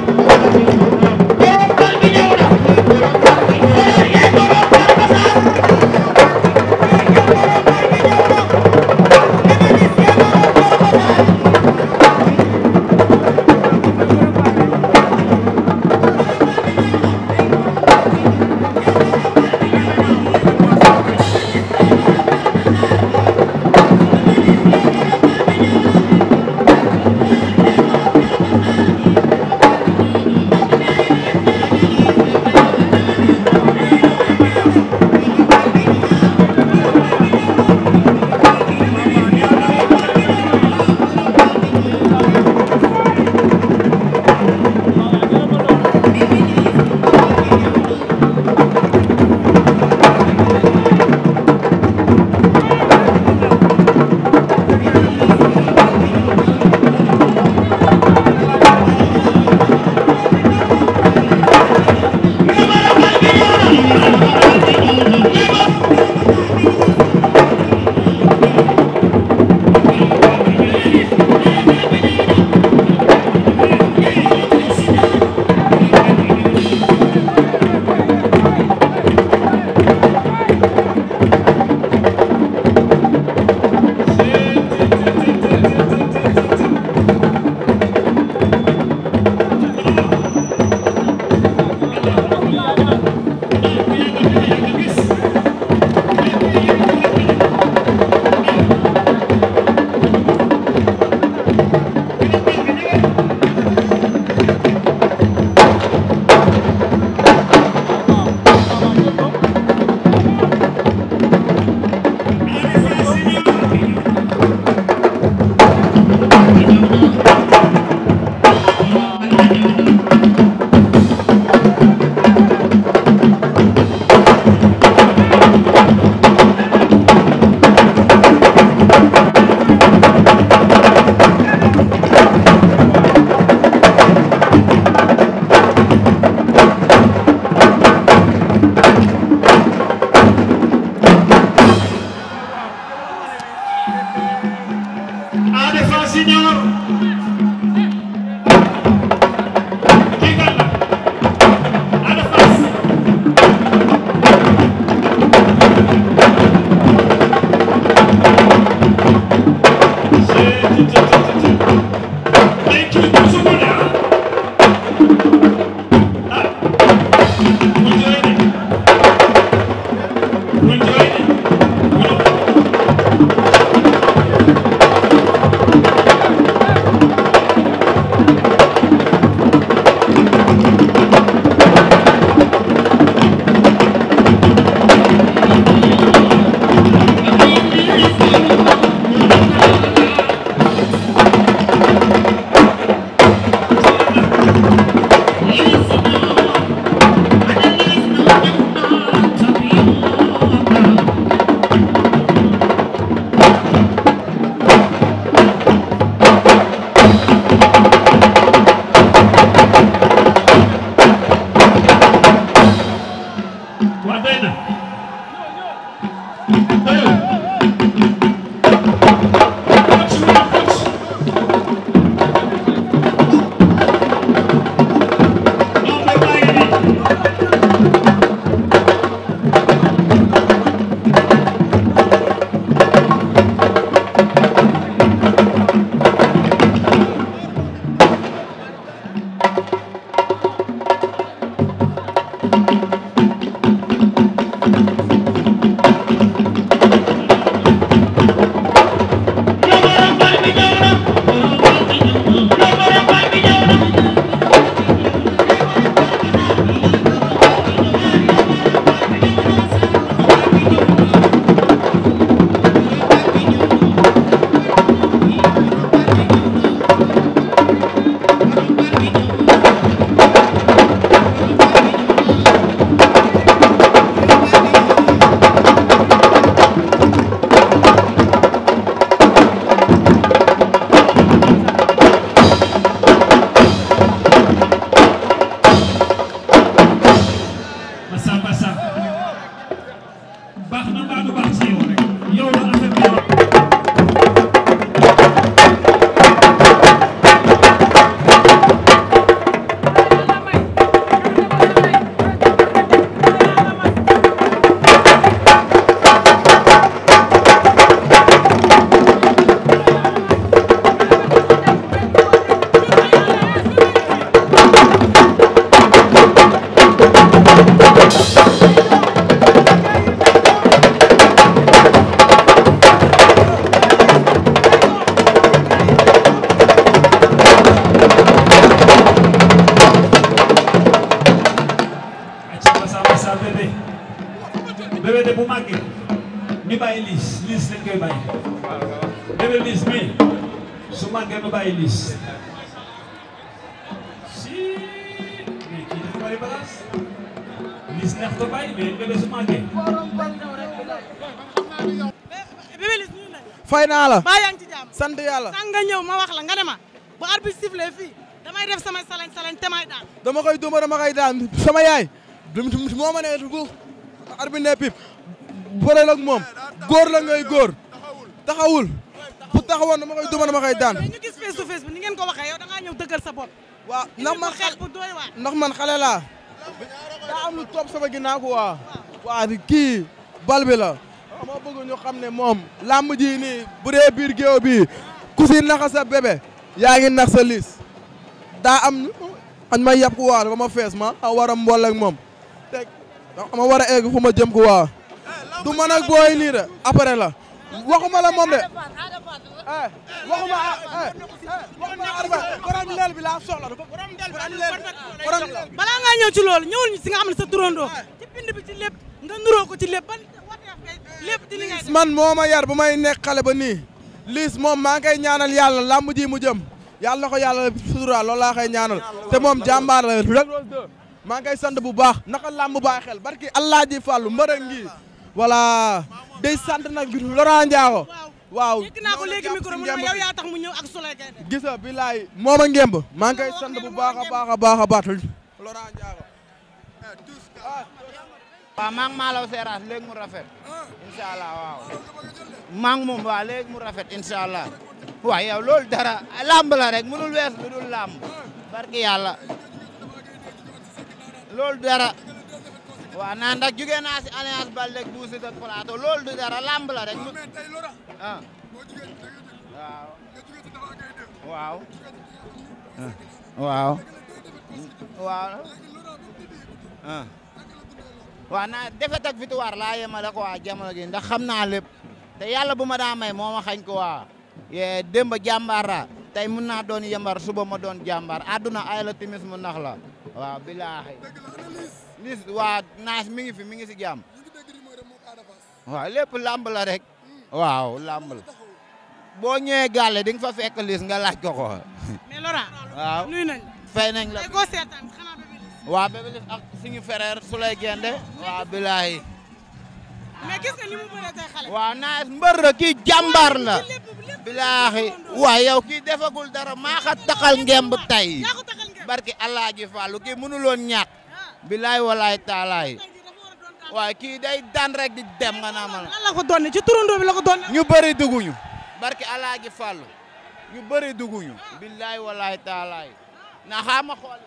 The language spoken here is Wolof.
Thank you. Hey! bébé bu màggee ñu bàyyi liis liis lañ koy bàyyi liis mi su màggee ñu bàyyi liis si mais naa la maa yaa ngi ci jàmm sant yàlla sànq nga ñëw ma wax la nga ne ma bu arbitre sifflé fii damay def samay salañ salañ te daal dama koy duma dama koy daal sama yaay du moo ma ne arbi ne pip bëre nag moom góor la ngay gor taxawul bu taxawon dama koy duma dama koy dan ñu gis face to face bi ni ngeen ko waxe yow da nga ñew deugal sa bop wa ndax man xel bu doy wa ndax man xalé la da am lu top sama ginnaaw ko wa wa ri ki balbe la moo bëgg ñu xam mom lamb ji ni bu dé bir geew bi ku ci naxa sa bébé ya ngi nax sa liis da am añ ma yàpp ko waa ba ma fess ma wara mbol ak mom tek donc ma war a egg fu ma jëm ko waa du man ak booy nii de la waxuma la moom de eh, waxuma eh, eh, borom leel bi laa soxla balaa ngaa ci loolu ñëwul si nga xam ne sa turandoo ci pind bi ci lépp nga nuroo ko ci lépp ban man moo ma yar bu may nekk xale ba nii liis moom maa ngi ñaanal yàlla làmb ji mu jëm yàlla ko yàlla suturaal loolu laa ñaanal te moom jàmbaar rek maa ngay sant bu baax naka lam baa xel barki allah ji fàllu mbërë ngi voilà day sant nag Laurent Ndiago waaw dégg naa ko léegi micro mu ne ma yaa tax mu ñëw ak Souley Gaye gisa bilaay mooma ngemb maa ngay sant bu baax a baax a baax a baax Laurent Ndiago waaw maa ngi maalaw seeraas léegi mu rafet incha allah waaw maa moom mu rafet incha allah waaw yow loolu dara làmb la rek mënul wees lu dul barki yàlla Lol dara waaw naan nag jugee naa si alliance Baldé ak Bou Siteu plateau Wow. du dara lamb la rek. Ah. ah waaw. waaw. Ah. waaw. waaw. waaw naa defet ak victoire laa yemale ko waa jamono gi ndax xam naa te yàlla bu ma may moo ma ko waa démb jàmbaar la tey mun naa doon yembar suba ma doon jàmbaar àdduna ay timis mu nax la waaw billaahi lis waa naas mi ngi fi mi ngi si jam, waaw lépp làmb la rek hmm. waaw làmb la boo ñëwee gàlle di nga fa fekk lis nga laaj ko ko mais Laurent waaw nuyu nañ fay nañ la ko seetaan xanaa bébé lis bébé lis ak suñu frère su lay gende waaw billaahi mais gis nga li mu bëree tey xale waaw naas mbër la kii jàmbaar la yow kii defagul dara ngemb barki Alaaji Fallu kii mënuloon ñàkk bilaay walaay taalaay waaye kii day daan rek di dem nga naa ma lan la ko doon ci turandoo bi la ko doon ñu bëri duguñu barki Alaaji Fallu ñu na xaama xool